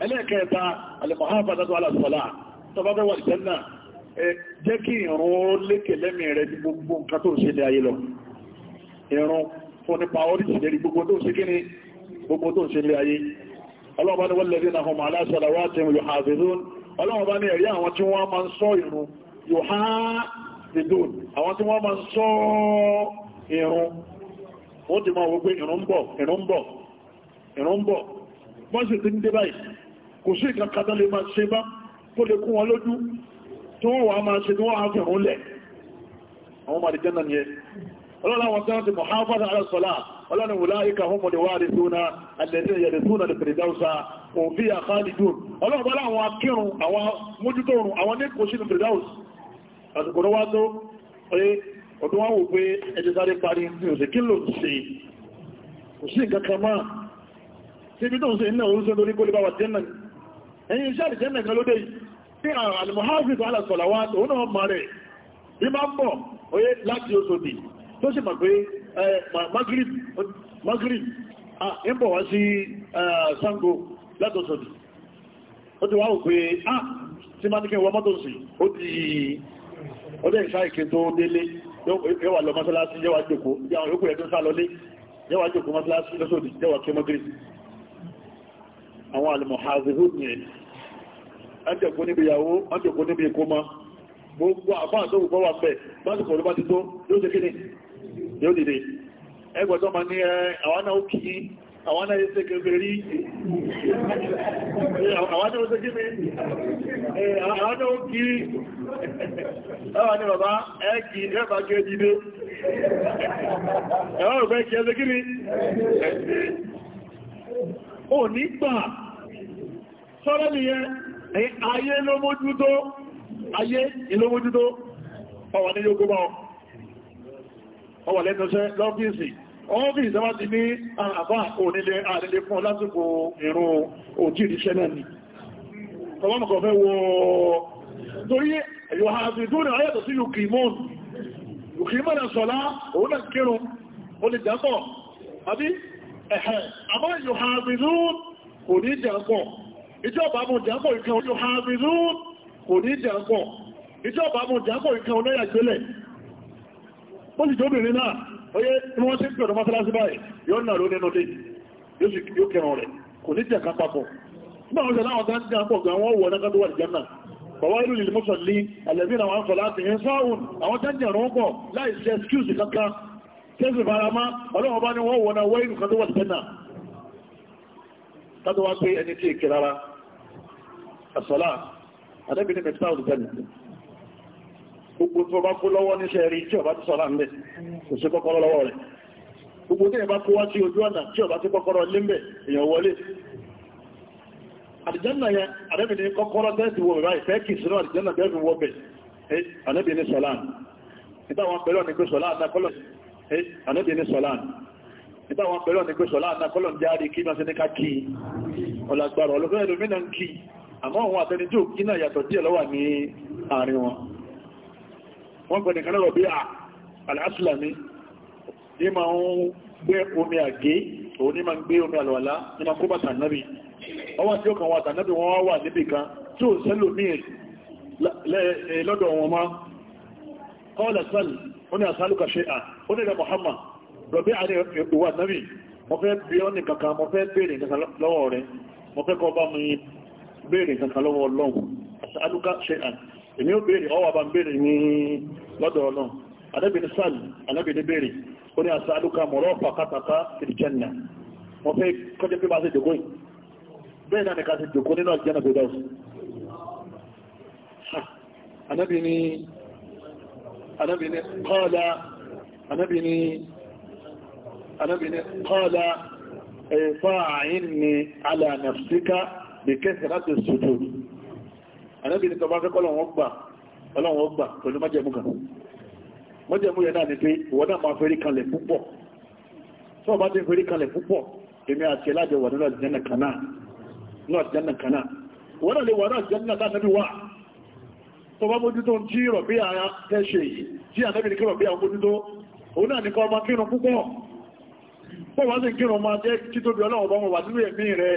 ẹlẹ́ẹ̀kẹta alìmọ̀háfà tàbí alàsọ́lá tọ́bátọ́wà jẹ́nà jẹ́ kí ìrún ó lékè lẹ́mì rẹ̀ ní gbogbo nǹkan tó ṣe ní ayé lọ ìrún fún nípa oríṣìírí gbogbo tó ṣe kíni gbogbo tó ṣe ní ayé ọlọ́ọ̀bá ni wọ́n lẹ́rí náà màálá sọ́lọ́wọ́ àti yuhafizun ọlọ́ọ̀bá ni ẹ̀rí àwọn tí wọ́n máa ń sọ ìrún yuhafizun àwọn tí wọ́n máa ń sọ wọ́n ti máa wọ́n pé ìrun bọ̀ ìrun bọ̀ ìrun bọ̀ wọ́n sì ti ń dé báyìí kò sí ìkàkàtà lè máa ṣe bá kó lè kún wọn lójú tó wọ́n wà máa ṣe tó wọ́n á fi ìrun lẹ̀ àwọn ọmọdé jẹ́ náà ni ẹ ọlọ́run wọn sáà ti mọ̀háfàdà alásọ́lá ọlọ́run wùlá ikà ọmọdé wà rí súnà alẹ́dẹ́ yẹ̀dẹ̀ súnà lè fèrè dáúsá òfin àkálìdùn ọlọ́run bọ́lá àwọn akírun àwọn mójútórun àwọn ní kò sínú ọdún wọ́n wò pé ẹjẹ́ sáré parí ní òsè kí lò ṣe kò sí nǹkan kan máa tí ibi tó ń ṣe iná oúnjẹ lórí kó lè bá wà jẹ́nà ẹ̀yìn iṣẹ́ àdìjẹ́nà kan lóde tí alìmọ̀háàfíìsì alàsọ̀làwà òun náà ma rẹ̀ bí máa ń bọ̀ oyé láti Òṣòdì tó sì mọ̀ pé magrib ń bọ̀ wá ọdẹ́ ìṣáìkì tó délé yóò wà lọ mọ́sálásí yóò wà jòkó bí àwọn yóò kú ẹ̀dún sá lọlé yóò wà jòkó mọ́sálásí lọ́sọ̀dì yóò wà kémọ́gírí àwọn alìmọ̀hazihú ní ẹ̀ ọjọ́kó níbi ìyàwó ọjọ́kó níbi ìkómọ gbogbo àfáà tó wùkọ́ àwọn náà yẹ́ sẹ́kẹ́ bẹ̀rí àwọn náà sẹ́kẹ́ bẹ̀rí àwọn náà kiri ẹwà ni bàbá ẹ́kì ẹ̀bà kẹ́ dìde ẹwà rẹ̀ kí ẹzẹ́ kiri ò nígbà sọ́rọ̀ nìyẹn ayé ló mójútó ayé ìló mójútó ọwà ní yóò gbọ́ ọwà lẹ́nu iṣẹ́ lọ́fíìsì ọ́fíì sọ́wọ́ ti ní ah, àbá onílé àrílé fún lásìkò ìrún òjìrìṣẹ́ náà ni ọlọ́mọ̀kọ̀ fẹ́ wọ torí ẹ̀yọ̀ àbìdúnà ayẹ́tọ̀ sí yukimon yukimon sọ́lá òun náà kírun ó lè jàpọ̀ àbí ẹ̀hẹ̀ àmọ́ ẹ̀yọ̀ àbìdún kò ní jàpọ̀ ìjọba mọ̀ jàpọ̀ ìkan ẹ̀yọ̀ àbìdún kò ní jàpọ̀ ìjọba mọ̀ jàpọ̀ ìkan ọlọ́yà gbélẹ̀ ó sì jóbìnrin náà oyé tí wọ́n sí pẹ̀lú mọ́sálásí báyìí yóò nà ló nínú dé yóò kẹrùn rẹ̀ kò ní jẹ́ kápá pọ̀ nígbà wọn sẹ́lá ọ̀gá ti jẹ́ pọ̀ gan wọ́n wọ náà tó wà ìjánà bàbá ìlú ìlú mọ́sọ̀lì alẹ́bí na wọn sọ̀lá ti yẹn sáwùn àwọn tẹ́ jẹ́ rán pọ̀ láì ṣe excuse kankan tẹ́sì farama ọlọ́wọ́ bá ní wọ́n wọ náà wọ́yìn kan tó wà ìjánà tátọ́ wá pé ẹni tí ìkìrara àsọ̀lá adẹ́bìnrin mẹ́ta òdìjánà gbogbo tó bá kó lọ́wọ́ níṣẹ́ rí tí ọba ti sọ́lá ń bẹ̀ kò sí kọ́kọ́rọ́ lọ́wọ́ rẹ̀ gbogbo tí ìbá kó wá sí ojú ọ̀nà tí ọba ti kọ́kọ́rọ́ lé ń bẹ̀ èèyàn wọlé àdìjánà yẹn àrẹ́bìnrin kọ́kọ́rọ́ tẹ́sì wọ bẹ̀rẹ̀ ìfẹ́ kì sínú àdìjánà tẹ́sì wọ bẹ̀ àrẹ́bìnrin sọ́lán ìtàwọn pẹ̀lú ọ̀nà ìgbé sọ́lá àdákọ́lọ̀ járe kí máa sí ní ká kí ọlágbára ọlọ́fẹ́ ẹlòmínà ń kí àmọ́ àwọn àtẹni tí ò kí náà yàtọ̀ díẹ̀ lọ́wà ní àárín wọn wọ́n pẹ̀lú kan lọ́rọ̀ bí i al'asulami ní ma ń gbé omi àgé òun ní ma ń gbé omi àlọ́lá ní ma kó bá tànábì ọwá tí ó kàn wà tànábì wọ́n wà níbì kan tí ó sẹ́lò ní lọ́dọ̀ wọn má kọ́ọ̀lá sálì Muhammad rọ̀bí àrẹ ìwà nábì mo fẹ́ bí ọ́ ní kankan mo fẹ́ béèrè kankan lọ́wọ́ rẹ̀ mo àsálùkà ṣe à èmi ó béèrè ọwọ́ bá ń béèrè ní lọ́dọ̀ ọlọ́run anábìnrin sáàlì anábìnrin béèrè ó ní àṣà alúkà mọ̀rọ̀ ọ̀pá kátàkà kìrìjẹ́nà wọ́n fẹ́ kọ́jẹ́ pé bá ṣe jòkó yìí bẹ́ẹ̀ náà nìkan ṣe jòkó nínú àjẹ́nà tó dáwọ́ anábìnrin kọ́ọ̀lá ẹ̀fà àyín ni alànàfíkà lè kẹsìrá ti sùtòrò ànábì ní tọba fẹ́kọ́ ọlọ́run ọgbà ọlọ́run ọgbà pẹ̀lú májẹ̀mú kan májẹ̀mú yẹn náà ni pé ìwọ náà máa fẹ́rí kanlẹ̀ púpọ̀ tí wọ́n bá ti fẹ́rí kanlẹ̀ púpọ̀ èmi àti ẹlájọ wà nínú àjẹ́nà kanáà nínú àjẹ́nà kanáà ìwọ náà lè wà nínú àjẹ́nà tánàbí wà tó bá mójútó ń tí rọ̀bí ara tẹ́ ṣe yìí tí ànábì ní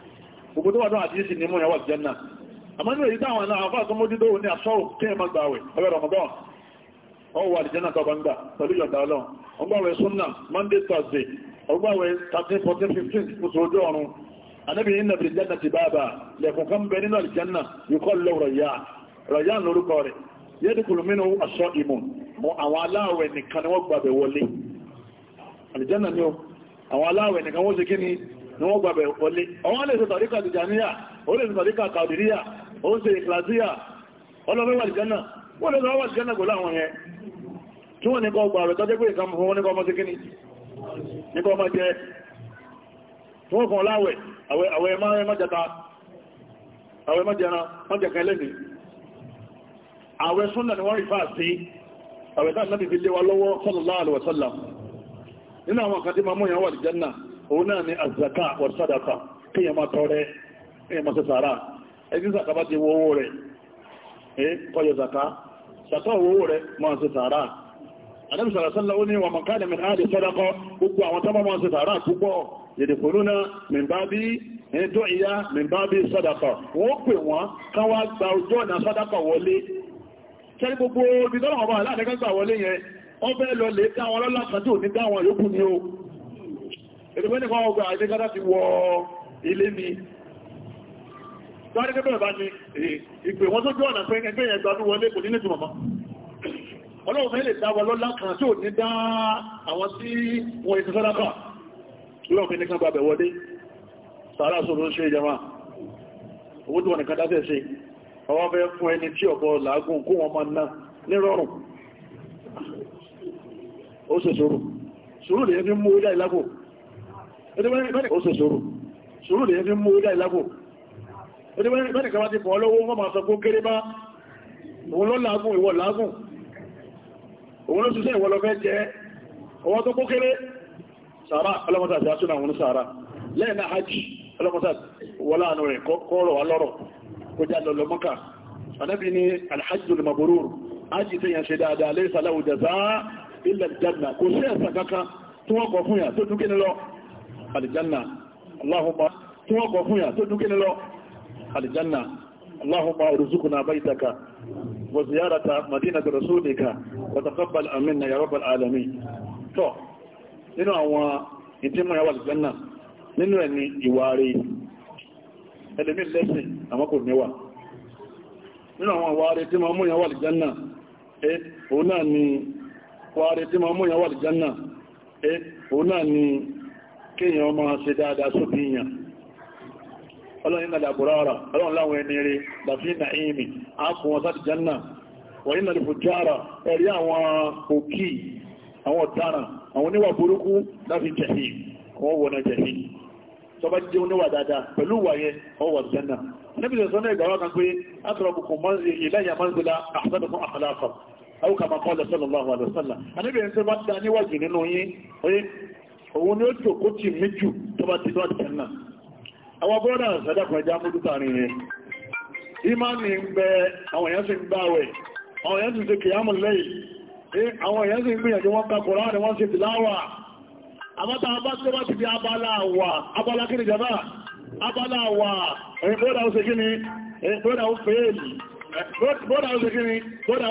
gbogbo tó wà náà àti ìsìn nímú ìyàwó àjẹ́nà àmọ́ ní èyí táwọn náà àfáà tó mójútó ní àṣọ́rù kí ẹ má gbà wẹ̀ ọwẹ́ Ramadan ọwọ́ àdìjẹ́nà tó bá ń gbà pẹ̀lú yọ̀dá ọlọ́run ọgbàwẹ̀ sunna Monday Thursday ọgbàwẹ̀ 13 14 15 oṣù ojú ọ̀run anábì ní nàbìrì jẹ́nà ti bábà lẹ́kùn kan bẹ nínú àdìjẹ́nà yíkọ́ lọ rọ̀yà rọ̀yà lórúkọ rẹ̀ yẹ́dì kùlùmínú aṣọ ìmù àwọn aláwẹ̀ nìkan ni wọ́n gbàbẹ̀ wọlé àdìjẹ́nà ni àwọn aláwẹ̀ nìkan wọ́n ṣe kí ni ni wọ́n gbàbẹ̀ wọlé ọwọ́n lè ṣe tọ̀ríkà tìjàníyà ó lè ṣe tọ̀ríkà kàdìríyà ó ṣe ìkìlàsíyà ọlọ́fẹ́ wà ìjẹ́nà wọ́n lè sọ wà ìjẹ́nà pẹ̀lú àwọn yẹn tí wọ́n ní kọ́ gbà rẹ̀ tọ́jẹ́ pé ìkàmù fún wọn ní kọ́ ọmọ sí kíní ní kọ́ ọmọ jẹ́ tí wọ́n fún láwẹ̀ àwẹ̀ mọ́jẹ̀ran mọ́jẹ̀kan lẹ́ni àwẹ̀ súnà ni wọ́n rí fáà sí àwẹ̀ táà náà fi lé wa lọ́wọ́ sallallahu alaihi wasallam nínú àwọn kan tí ma mú O náà ni azaka wa sadaka kíyàn máa tọrẹ kíyàn sara sẹ́sàrà ẹni zaka bá ti wọ owó e eh kọyọ zaka zaka owó rẹ̀ máa sẹ́sàrà Ànábì sallallahu alaihi wasallam ó ní wa min babi gba gbogbo ibi tọ́lọ̀ ọba wọlé yẹn ọbẹ̀ lọ lè dá wọn lọ́lá kan ní dá wọn ní o èdèmọ́ ní kan ọgbà àìdẹ́gádá ti wọ ilé mi tó á dẹ́gbẹ́ bá ní ìpè wọ́n tó jọ ọ̀nà pé ẹgbẹ́ yẹn gbádùn wọlé kò nílé túnmọ̀ ọlọ́run fẹ́ lè dáwọ lọ́lá kan tí ò ní dá àwọn tí wọ́n ètò sọ́dápà lọ́run fi ní kan gbàbẹ̀ wọlé sàárà sọ́rọ̀ ṣe ìjọba owó tí wọ́n nìkan dáṣẹ́ ṣe ọwọ́ fẹ́ fún ẹni tí ọ̀pọ̀ làágùn kó wọn máa ná ní rọrùn ó ṣe sọ̀rọ̀ sọ̀rọ̀ lè fi mú ilé ìlágbò òun ló ṣiṣẹ́ ìwọ̀lọ́ fẹ́ jẹ́ ọwọ́ tó kó kéré sàárà ọlọ́mọta àti àtúnà àwọn sàárà lẹ́ẹ̀nà hajj ọlọ́mọta wọlá àánú rẹ̀ kọ́rọ̀ alọ́rọ̀ kó já lọ lọ́mọ́ka anábi ni alhajjul mabrur hajj tí yàn ṣe dáadáa lẹ́sàláwò jazaa illa aljanna kò sí ẹ̀sà kankan tí wọ́n kọ̀ fún yà tó dúkẹ́ lọ àlìjánà aláhùpá tí wọ́n kọ̀ fún yà tó dúkẹ́ lọ àlìjánà aláhùpá orzukuna baitaka wa ziyarata madinata rasulika wa taqabbal aminna ya rabbal alamin to nínú àwọn ìdímọ̀ yàwó àlìjánà nínú ẹni ìwárí ẹlẹ́mí lẹ́sìn àwọn kò níwà nínú àwọn àwárí tí ma mú yàwó àlìjánà òun náà ni wàrí tí ma mú yàwó àlìjánà òun náà ni kéèyàn ọmọ ṣe dáadáa sóbi èèyàn ọlọ́run nígbàdà àbúrá ọ̀rọ̀ ọlọ́run láwọn ẹni rí dàfínà ìmì àákùn sáti jẹ́nà wọ́n yínà lè fojú ẹ̀rí àwọn òkì àwọn ọ̀daràn àwọn oníwà burúkú láti jẹ̀hì wọ́n wọ́n jẹ̀hì òun ni ó jòkó tì mí jù tó bá ti lọ́dì kẹ́nà àwọn bọ́ọ̀dà sàdápọ̀ ẹja mójútà rìn rẹ̀ ìmánì ń bẹ àwọn èèyàn sì ń gbààwẹ̀ àwọn èèyàn sì ń kìyàmù lẹ́yìn àwọn èèyàn wọn ka wọn sì di abala wà abala kí abala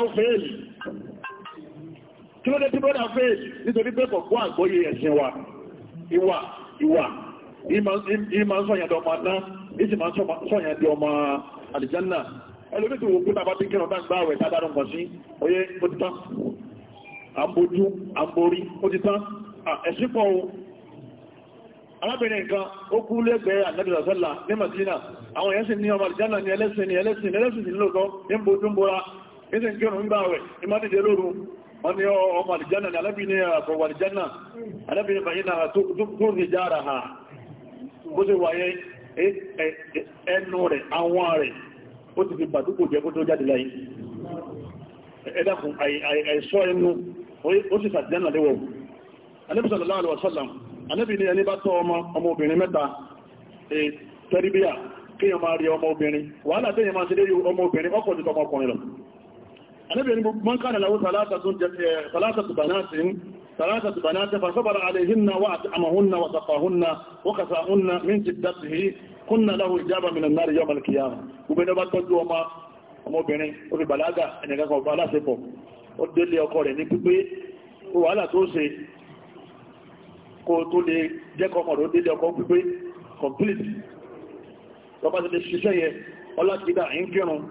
ó kí ló dé tí brọ́dà fail nítorí pé kọ̀kọ́ àgbóyè ẹ̀sìn wa ìwà ìwà ìmọ̀ ń sọ̀yàn dọ̀mọ̀ ná ìsì máa ń sọ̀yàn di ọmọ àlìjánà ẹlòmí tí wọ́n kúta bá ti kírun dáńgbà rẹ̀ tádàrú nǹkan sí oyé ó ti tán à ń bojú à ń borí ó ti tán ẹ̀sìn pọ̀ o arábìnrin nǹkan ó kú lẹ́gbẹ̀ẹ́ àlẹ́bìsàsọ́là wọ́n ní ọmọ oh, oh, àlìjánà ni alábì ní àkọwà ah, àlìjánà alábì na ní jára ha bó ṣe wáyé e, e, e, ẹnu rẹ̀ àwọn rẹ̀ ó ti fi pàdúkò jẹ́ kó tó jáde láyé ẹ̀dàkùn àìsọ́ ẹnu ó sì sàjánà léwọ̀ ọmọ annabi man kana lahu thalathatun thalathatu banatin thalathatu banatin fa sabara alayhinna wa at'amahunna wa saqahunna wa kasahunna min jiddatihi kunna lahu ijaba min an-nar yawm al-qiyamah ube no ba tọ́jú ọmọ ọmọ obìnrin ó fi bàlágà ẹni ó délé ọkọ rẹ̀ ní pípé wàhálà tó ṣe kó tó lè jẹ́ ko mo do délé ọkọ pípé complete tó bá lè ṣiṣẹ́ yẹ ọlá kida in kirun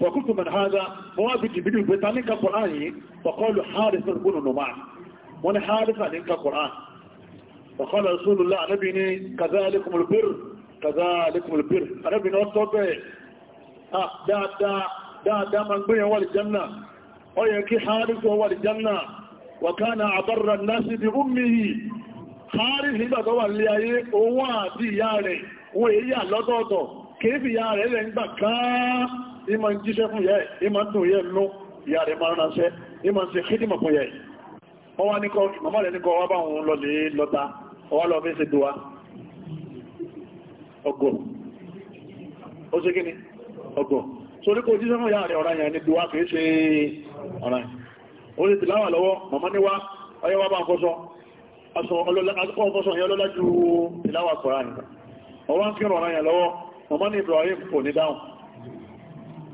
وقلت من هذا موافق بدون بيتاني القرآن فقالوا حارث بن نماع وانا حارث عن القرآن فقال رسول الله نبيني كذلكم البر كذلكم البر نبيني أصبع آه دا دا دا دا من بي هو الجنة ويكي حارث هو الجنة وكان عبر الناس بأمه حارث هذا هو اللي هو دي ياري وهي لدوتو كيف ياري لنبكا ìmọ̀ jíṣẹ́ fún yẹ́ ìmọ̀ dùn yẹ́ ló ìyá rẹ̀ máa ránṣẹ́ ìmọ̀ sí kídìmọ̀ fún yẹ́ wọ́n wá ní kọ́ màmá rẹ̀ ní kọ́ wá bá òun lọ lè lọ́ta ọwá lọ fi ń ṣe dùwá ọgọ̀ ó ṣe kíni ọgọ̀ sórí kò jíṣẹ́ fún yá rẹ̀ ọ̀rá yẹn ní dùwá kìí ṣe ọ̀rá yẹn ó lè ti láwà lọ́wọ́ màmá ní wá ọyẹ́ wá bá ń kọ́sọ́ ọkọ̀ọ̀kọ́sọ̀ ju ìláwà kọ̀rá yẹn ọwá ń kírun yẹn lọ́wọ́ màmá ní Ibrahim kò ní dáhùn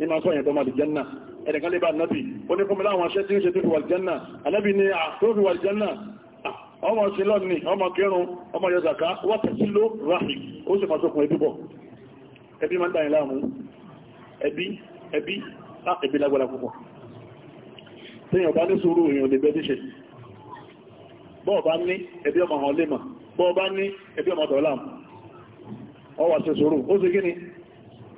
ìmá sọ ìyẹn tó máa di jẹ́nà ẹnìkan lè bá nábì ó ní fúnmílá àwọn aṣẹ́ tí ó ṣe tó fi wà jẹ́nà anábì ni tó fi wà jẹ́nà ọmọ ṣe lọ́nì ọmọ kírun ọmọ yọzàká wà tẹ̀sí ló ráhì ó sì fàṣọkùn ẹbí bọ̀ ẹbí máa ń dáyìn láàmú ẹbí ẹbí á ẹbí lágbára ó sì gíní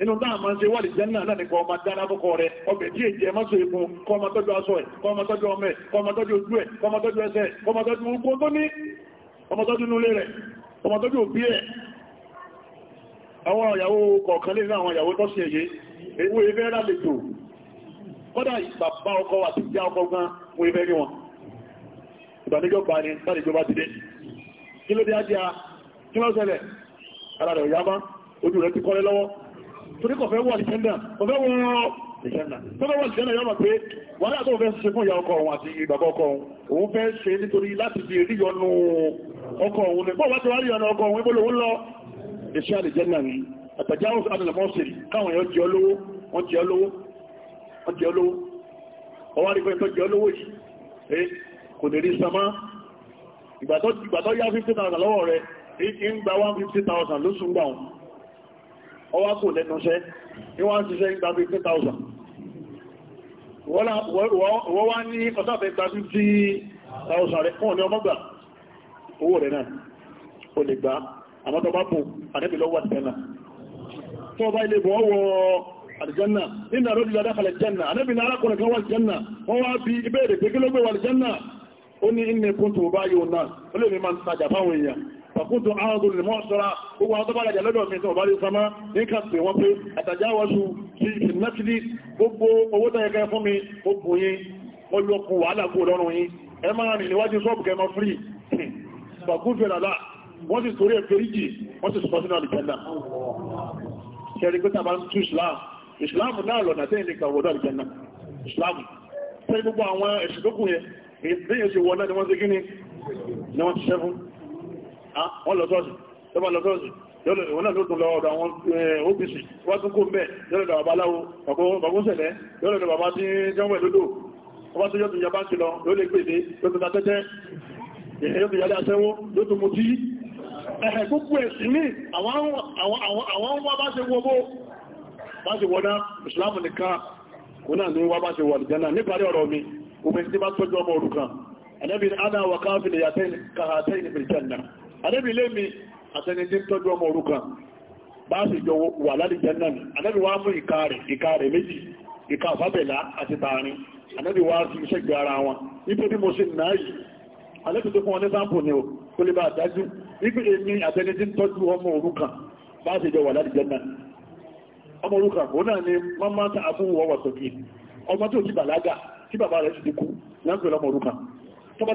inú táà máa ń ṣe wọ́lì jẹ́nà náà nìkan ọmọ dára fọ́kọ rẹ̀ ọbẹ̀ tí èjì ẹmọ́ sí ikun kọmọ tọ́jú aṣọ ẹ̀ kọmọ tọ́jú ọmọ ẹ̀ kọmọ tọ́jú ojú ẹ̀ kọmọ tọ́jú ẹsẹ̀ kọmọ tọ́jú ogun tó ní ọmọ tọ́jú nulé rẹ̀ ọmọ tọ́jú òbí ẹ̀ àwọn ìyàwó kọ̀ọ̀kan lè náà àwọn ìyàwó tó ṣe èyí ewu ẹgbẹ́ lálejò kọ́dà ìgbàbá ọkọ àti ìjá ọkọ gan mú ẹgbẹ́ rí wọn ìbànújọ́ bá ní láti ìjọba ti dé kí ló dé á jẹ́ a kí lọ́sẹ̀lẹ̀ ara rẹ̀ ò yá bá ojú rẹ̀ ti kọ́lé lọ́wọ́ torí kọ̀fẹ́ wọ̀ ìṣẹ́ndà kọ̀fẹ́ wọ̀ ìṣẹ́ndà tó lọ́wọ́ ìṣẹ́ndà yọ́mà pé wọ́n dá tó fẹ́ ṣe fún ìyá ọkọ òun àti bàbá ọkọ òun òun fẹ́ ṣe nítorí láti fi rí yọnu ọkọ òun lè bọ́ wá ti wá rí yọnu ọkọ òun ibò lòun lọ iṣẹ́ àlìjẹ́nà ni àtàjáwò adìlẹ̀mọ́sìrì káwọn èèyàn jẹ́ olówó wọ́n jẹ́ olówó wọ́n jẹ́ olówó ọwá rí pé tó jẹ́ olówó yìí eh, kò lè rí samá ìgbà tó yá 50,000 lọ́wọ́ rẹ̀ eh, ń gba 150,000 lóṣùgbà ọwá kò lẹ́nuṣẹ́ ní wọ́n ti ṣe ìgbàbí 2,000 wọ́n wá ní ọ̀sáfẹ́ ìgbàbí 2,000 rẹ̀ fún ọ̀nà ọmọgbà owó rẹ̀ náà o lè gbá àmọ́tọ́ bá bù àdẹ́bì lọ́wọ́ àtẹ́nà tó bá ilé bọ́ wọ àdìjánà nínú àrọ́dì lọ́dá kalẹ̀ jánà àdẹ́bì ní arákùnrin kan wà jánà wọ́n wá bí ibẹ̀rẹ̀ pé kí ló gbé wà jánà ó ní inú ẹkùn tó bá yóò náà ó lè ní máa ń tajà fáwọn èèyàn fàkúntù ààrùn lè mọ́ ṣọ́ra gbogbo àwọn tó bá rajà lọ́dọ̀ mi tó bá rí sọmọ́ ní ká pè wọ́n pé àtàjáwọ́sù sí ìfìnnásílì gbogbo owó tó yẹ kẹ́ fún mi ó bù yín mo lọ kù wàhálà kú lọ́rùn islam islam náà lọ̀nà tẹ́yìn lè kà wọ́dọ̀ islam tẹ́yìn gbogbo àwọn ẹ̀sìn tó kù yẹ èyí tí wọ́n náà ni wọ́n ti gíní ni wọ́n ti ṣẹ́fún wọ́n lọ sọ́ọ̀sì tó bá lọ sọ́ọ̀sì wọn náà ló tún lọ ọ̀dọ̀ àwọn eh, opc wọ́n tún kó ń bẹ̀ lọ́lọ́dọ̀ bàbá aláwo bàbúnsẹ̀lẹ̀ lọ́lọ́dọ̀ bàbá tí jọ́wọ́ ìlúdò ọba tó yọ́ tún yaba ti lọ ló lè pèdé ló tún tatẹ́tẹ́ yóò tún yàdá àṣẹ́wó ló tún eh, mú tí ẹ̀hẹ̀ gbogbo ẹ̀sìn ní àwọn wá bá ṣe wọ́bó bá ṣe wọ́ná ìsìlámù nìkan kò náà ní wá bá ṣe wọ̀ nìkan ànábì lé mi àtẹni tí ń tọ́jú ọmọ òrukàn bá sì jọ wà lálìjẹ́ náà ni ànábì wá mú ìka rẹ̀ ìka rẹ̀ méjì ìka àfábẹ̀lá àti tààrin ànábì wá sí iṣẹ́ gbé ara wọn nítorí mo ṣe náà yìí ànábì tó fún wọn ní sáǹpù ni o kó lè bá dájú wípé èmi àtẹni tí ń tọ́jú ọmọ òrukàn bá sì jọ wà lálìjẹ́ náà ọmọ òrukàn òun náà ni mọ́mọ́ ta àfúnwọ́ wà sókè ọmọ tó ti bàlágà tí bàbá rẹ̀ ti kú náà ń pè lọ́mọ òrukàn tó bá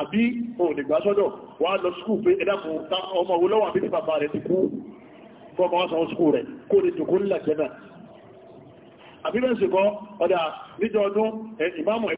àbí òdìgbà sọ́dọ̀ wà lọ skú pé ẹ̀dàkùn ta ọmọ owó lọ́wọ́ àbí bàbá rẹ̀ ti kú fọ́mọ wá sàn skú rẹ̀ kó lè tòkó nílà jẹ́nà àbí bẹ́ẹ̀ sì kọ́ ọ̀dà níjọ ọdún ìmáàmù